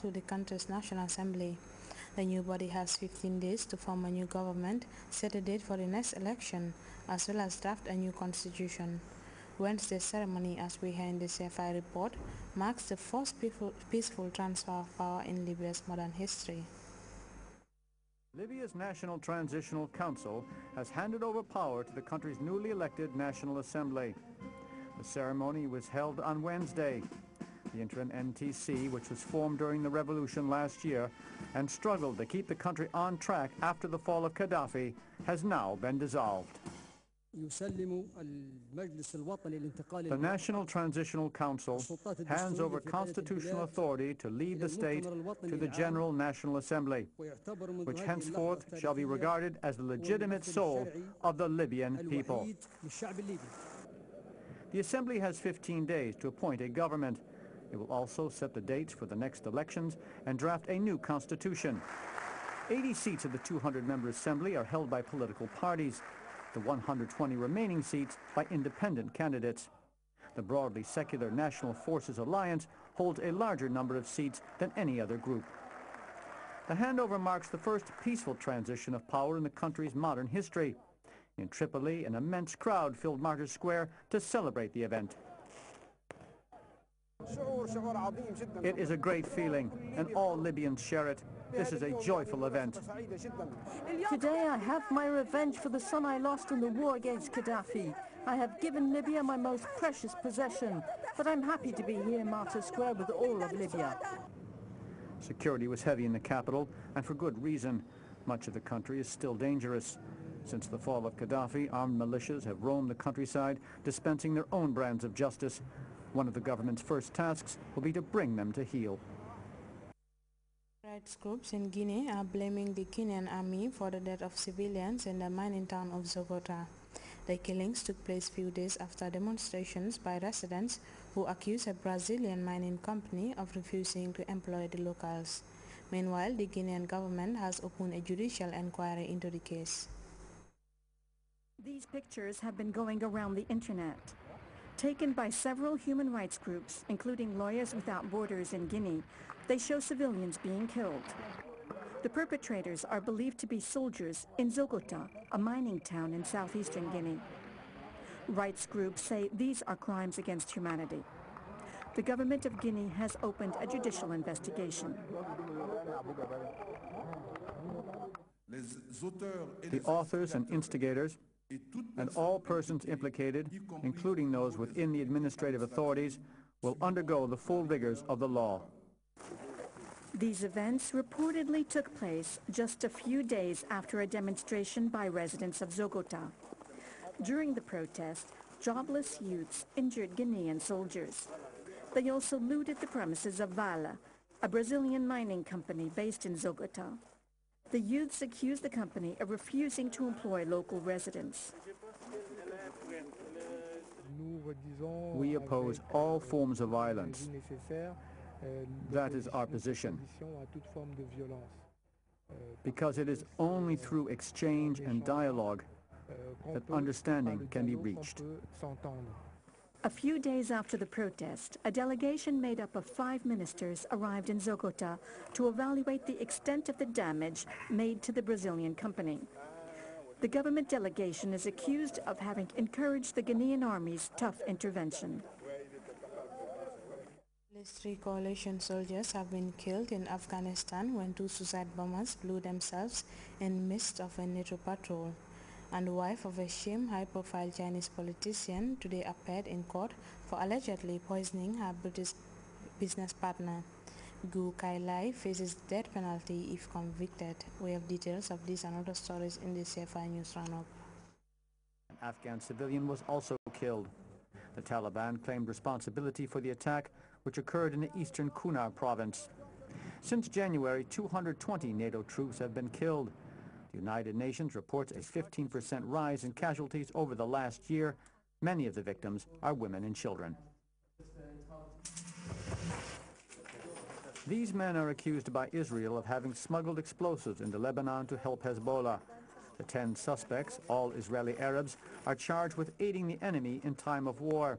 to the country's National Assembly. The new body has 15 days to form a new government, set a date for the next election, as well as draft a new constitution. Wednesday's ceremony, as we hear in the CFI report, marks the first peaceful transfer of power in Libya's modern history. Libya's National Transitional Council has handed over power to the country's newly elected National Assembly. The ceremony was held on Wednesday the interim NTC, which was formed during the revolution last year and struggled to keep the country on track after the fall of Gaddafi, has now been dissolved. The National Transitional Council hands over constitutional authority to lead the state to the General National Assembly, which henceforth shall be regarded as the legitimate soul of the Libyan people. The Assembly has 15 days to appoint a government. It will also set the dates for the next elections and draft a new constitution. 80 seats of the 200-member assembly are held by political parties, the 120 remaining seats by independent candidates. The broadly secular National Forces Alliance holds a larger number of seats than any other group. The handover marks the first peaceful transition of power in the country's modern history. In Tripoli, an immense crowd filled Martyrs Square to celebrate the event. It is a great feeling, and all Libyans share it. This is a joyful event. Today I have my revenge for the son I lost in the war against Gaddafi. I have given Libya my most precious possession, but I'm happy to be here in Martyrs Square with all of Libya. Security was heavy in the capital, and for good reason. Much of the country is still dangerous. Since the fall of Gaddafi, armed militias have roamed the countryside, dispensing their own brands of justice, one of the government's first tasks will be to bring them to heel. Rights groups in Guinea are blaming the Kenyan army for the death of civilians in the mining town of Zogota. The killings took place few days after demonstrations by residents who accused a Brazilian mining company of refusing to employ the locals. Meanwhile, the Guinean government has opened a judicial inquiry into the case. These pictures have been going around the internet taken by several human rights groups, including Lawyers Without Borders in Guinea. They show civilians being killed. The perpetrators are believed to be soldiers in Zogota, a mining town in southeastern Guinea. Rights groups say these are crimes against humanity. The government of Guinea has opened a judicial investigation. The authors and instigators and all persons implicated, including those within the administrative authorities, will undergo the full rigors of the law. These events reportedly took place just a few days after a demonstration by residents of Zogota. During the protest, jobless youths injured Guinean soldiers. They also looted the premises of Vale, a Brazilian mining company based in Zogota. The youths accused the company of refusing to employ local residents. We oppose all forms of violence. That is our position. Because it is only through exchange and dialogue that understanding can be reached. A few days after the protest, a delegation made up of five ministers arrived in Zogota to evaluate the extent of the damage made to the Brazilian company. The government delegation is accused of having encouraged the Ghanaian army's tough intervention. At three coalition soldiers have been killed in Afghanistan when two suicide bombers blew themselves in midst of a NATO patrol and wife of a shame high-profile Chinese politician today appeared in court for allegedly poisoning her British business partner. Gu Kai Lai faces death penalty if convicted. We have details of this and other stories in the CFI News Roundup. An Afghan civilian was also killed. The Taliban claimed responsibility for the attack, which occurred in the eastern Kunar province. Since January, 220 NATO troops have been killed. The United Nations reports a 15% rise in casualties over the last year. Many of the victims are women and children. These men are accused by Israel of having smuggled explosives into Lebanon to help Hezbollah. The 10 suspects, all Israeli Arabs, are charged with aiding the enemy in time of war.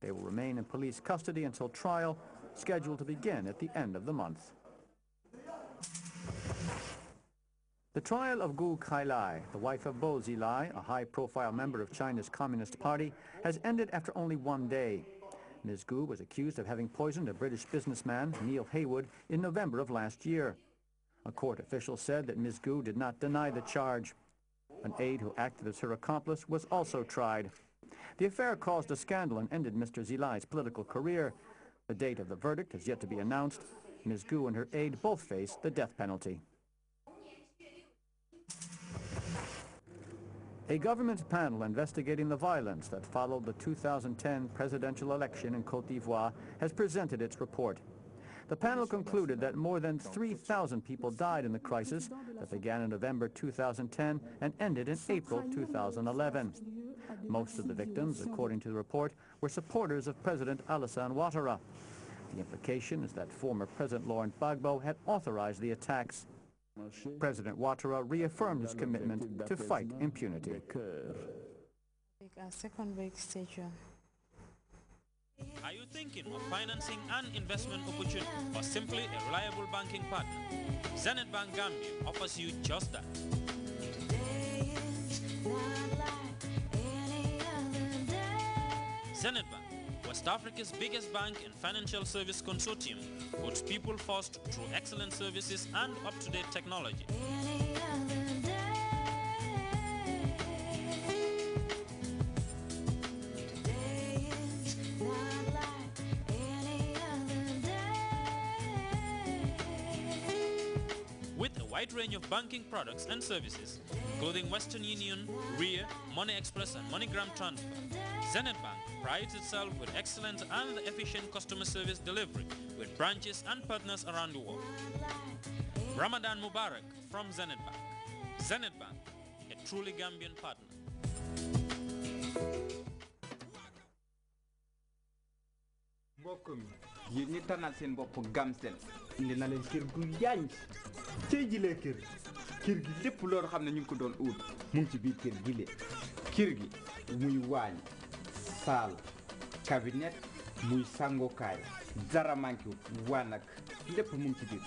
They will remain in police custody until trial, scheduled to begin at the end of the month. The trial of Gu Kailai, the wife of Bo Zilai, a high-profile member of China's Communist Party, has ended after only one day. Ms. Gu was accused of having poisoned a British businessman, Neil Haywood, in November of last year. A court official said that Ms. Gu did not deny the charge. An aide who acted as her accomplice was also tried. The affair caused a scandal and ended Mr. Zilai's political career. The date of the verdict has yet to be announced. Ms. Gu and her aide both face the death penalty. A government panel investigating the violence that followed the 2010 presidential election in Cote d'Ivoire has presented its report. The panel concluded that more than 3,000 people died in the crisis that began in November 2010 and ended in April 2011. Most of the victims, according to the report, were supporters of President Alassane Ouattara. The implication is that former President Laurent Gbagbo had authorized the attacks. President Ouattara reaffirmed his commitment to fight impunity. Are you thinking of financing an investment opportunity or simply a reliable banking partner? Zenit Bank Gambia offers you just that. Zenit Bank West Africa's biggest bank and financial service consortium puts people first through excellent services and up-to-date technology. With a wide range of banking products and services, including Western Union, RIA, Money Express and MoneyGram Transfer. Zenit Bank prides itself with excellent and efficient customer service delivery with branches and partners around the world. Ramadan Mubarak from Zenit Bank. Zenit Bank, a truly Gambian partner. mbokk mi yéen ñi tànnal seen bopp Gamcel indi na leen kër gu yaañ cey jilee kër kër gi lépp loolu xam ne ñu ngi ko doon uut mu ngi ci biir kër gi le kër gi muy waañ saal cabinet muy sàngukaay dara manqué waan lépp mu ci biir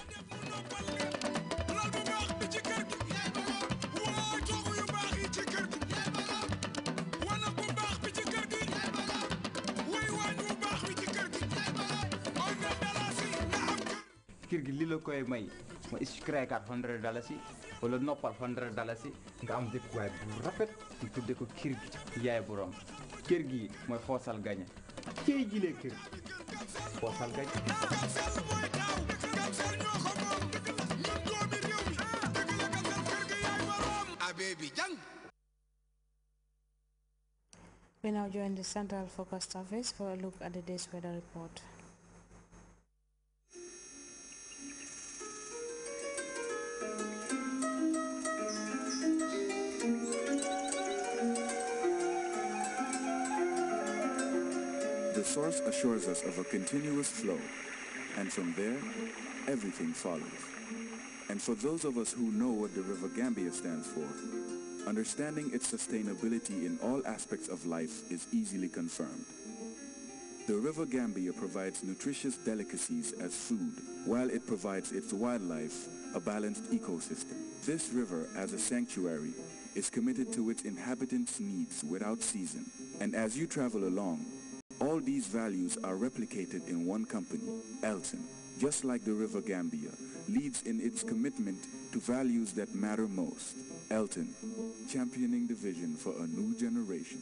kër gi li la koy may ma créé carte wala noppal hundred nga am dëkkuwaay bu rafet ñu tudde ko kër gi yaay borom kër gi mooy xoosal gañe kër xoosal gañe ah, We now join the Central Focus Service for a look at the assures us of a continuous flow, and from there, everything follows. And for those of us who know what the River Gambia stands for, understanding its sustainability in all aspects of life is easily confirmed. The River Gambia provides nutritious delicacies as food, while it provides its wildlife a balanced ecosystem. This river, as a sanctuary, is committed to its inhabitants' needs without season. And as you travel along, all these values are replicated in one company, Elton, just like the River Gambia, leads in its commitment to values that matter most. Elton, championing the vision for a new generation.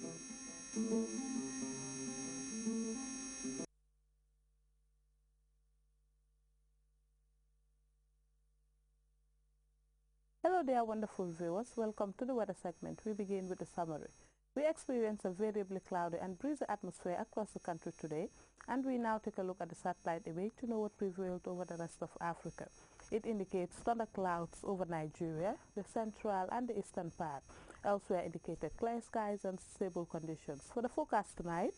Hello there, wonderful viewers. Welcome to the weather segment. We begin with a summary. We experience a variably cloudy and breezy atmosphere across the country today, and we now take a look at the satellite image to know what prevailed over the rest of Africa. It indicates thunderclouds over Nigeria, the central and the eastern part. Elsewhere indicated clear skies and stable conditions. For the forecast tonight,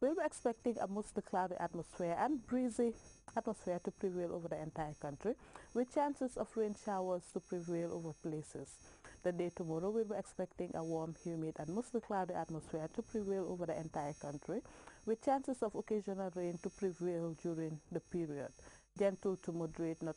we'll be expecting a mostly cloudy atmosphere and breezy atmosphere to prevail over the entire country, with chances of rain showers to prevail over places the day tomorrow, we are expecting a warm, humid, and mostly cloudy atmosphere to prevail over the entire country, with chances of occasional rain to prevail during the period. Gentle to moderate, not